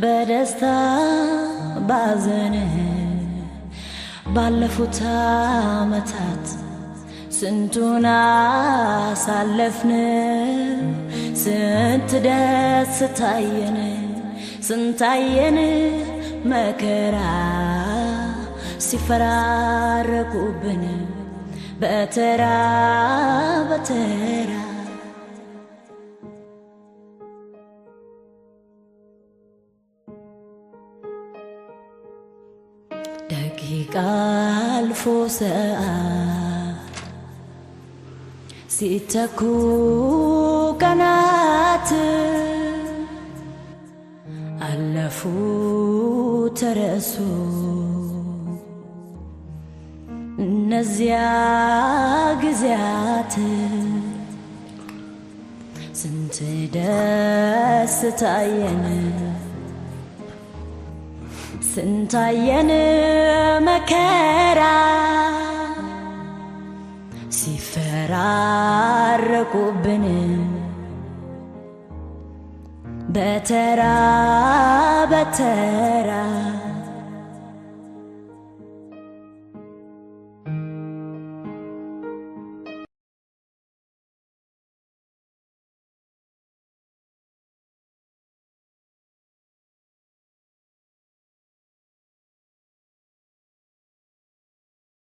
በደስታ ባዘን ባለፉት አመታት ስንቱን አሳለፍን፣ ስንት ደስታየን፣ ስንታየን መከራ ሲፈራረቁብን በተራ በተራ ደቂቃ አልፎ ሰዓት ሲተኩ ቀናት አለፉ ተረሱ እነዚያ ጊዜያት ስንት ደስ ታየን ስንታየን መከራ ሲፈራረቁብን በተራ በተራ